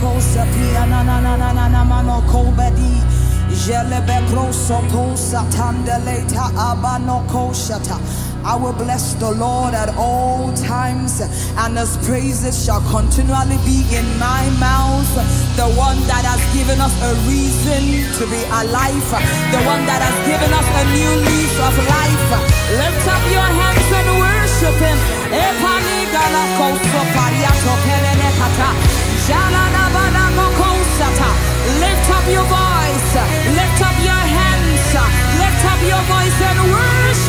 kosa pia na na na na na na mano kobedi Jelebe kroso kosa tandeleta abano koshata I will bless the Lord at all times, and his praises shall continually be in my mouth. The one that has given us a reason to be alive, the one that has given us a new leaf of life. Lift up your hands and worship him. Lift up your voice, lift up your hands, lift up your voice and worship.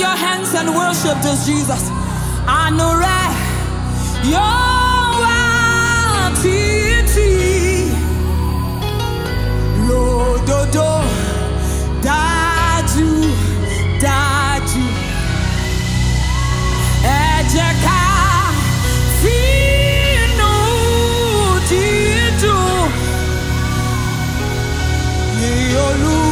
your hands and worship this Jesus. I know right. Your Lord, do, do, daju, daju, ejeka. Olúwa.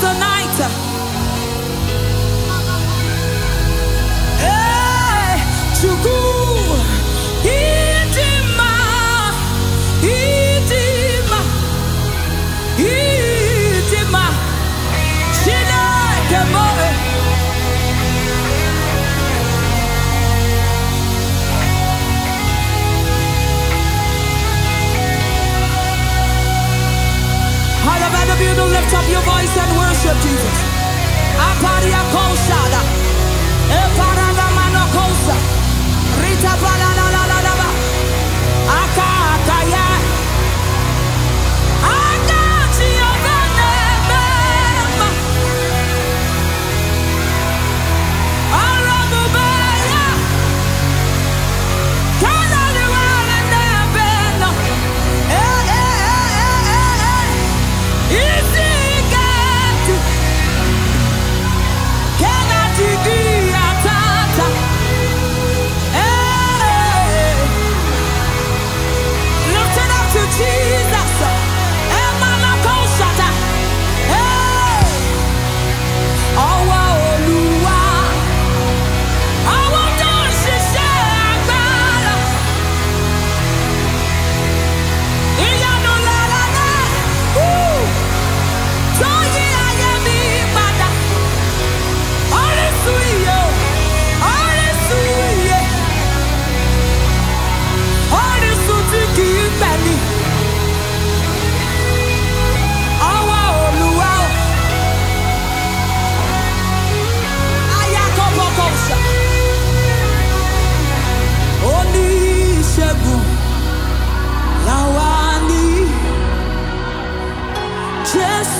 tonight. Hey, Chugu, Idima, the building, lift up your voice and worship Jesus.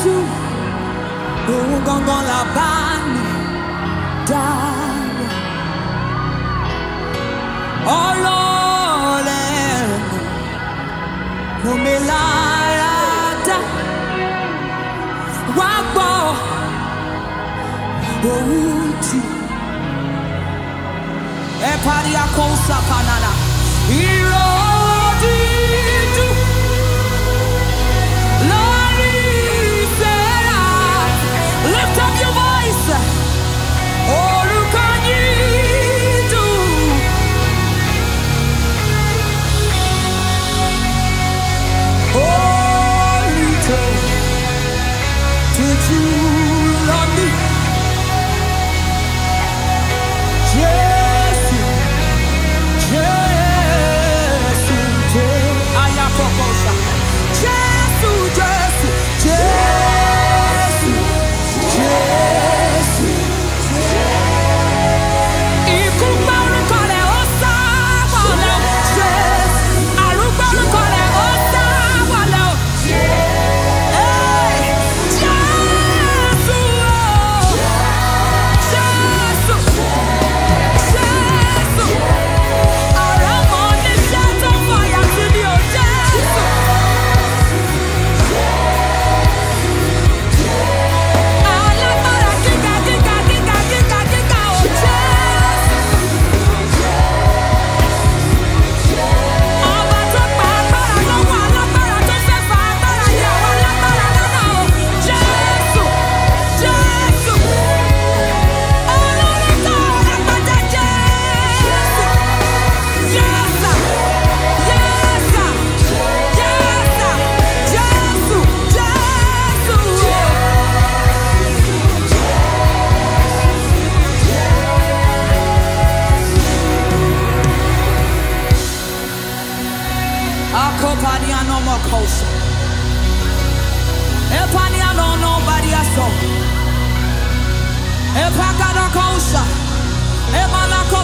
sùn òun gangan là bá mi Oh, ọ̀rọ̀ lẹ́nu mú mi lára dá wá gbọ́ òun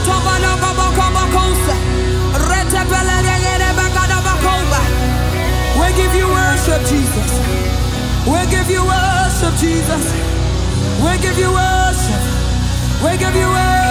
We give you worship, Jesus. We give you worship, Jesus. We give you worship. We give you worship.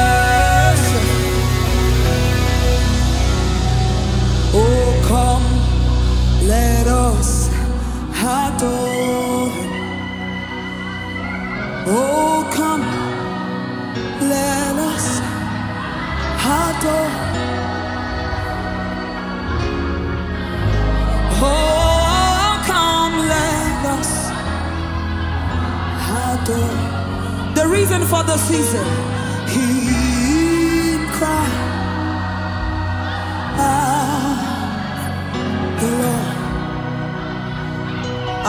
Jesus, he'd cry out, the Lord.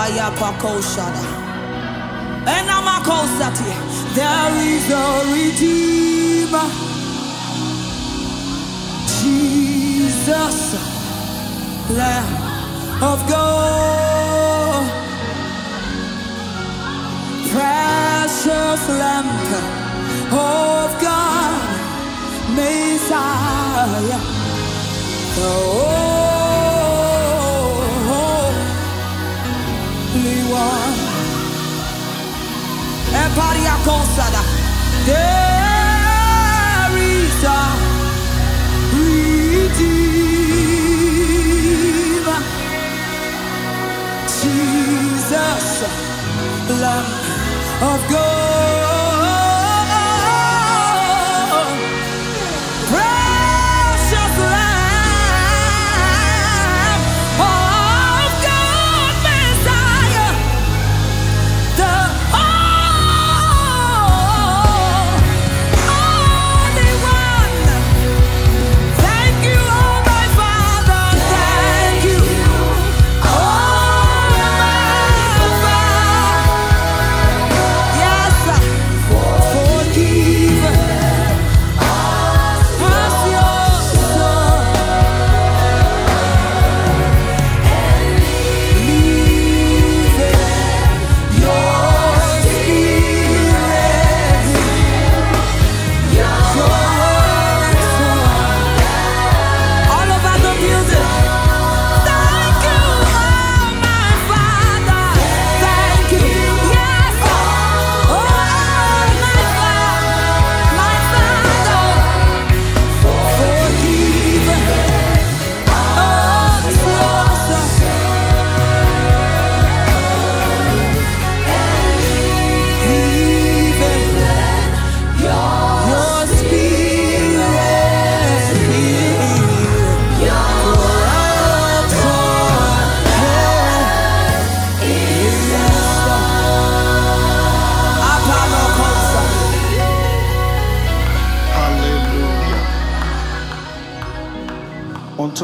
Ayapako Shada. Enamako Sati. There is a Redeemer. Jesus, Lamb of God. Precious Lamb of God, Messiah. The Holy One. Everybody, I consider. There is a Redeemer, Jesus, Lamb of God.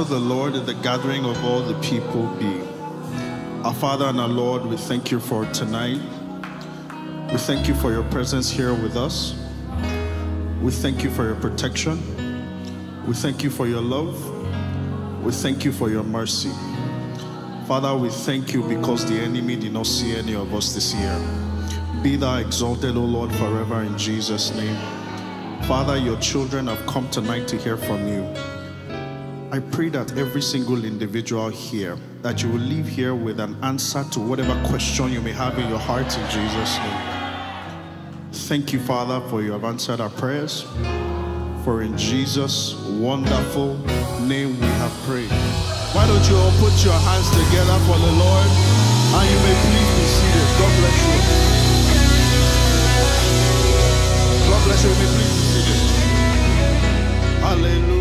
of the Lord and the gathering of all the people be. Our Father and our Lord, we thank you for tonight. We thank you for your presence here with us. We thank you for your protection. We thank you for your love. We thank you for your mercy. Father, we thank you because the enemy did not see any of us this year. Be thou exalted, O Lord, forever in Jesus' name. Father, your children have come tonight to hear from you. I pray that every single individual here, that you will leave here with an answer to whatever question you may have in your heart in Jesus' name. Thank you, Father, for you have answered our prayers. For in Jesus' wonderful name we have prayed. Why don't you all put your hands together for the Lord? And you may please be seated. God bless you. God bless you. May please be seated. Hallelujah.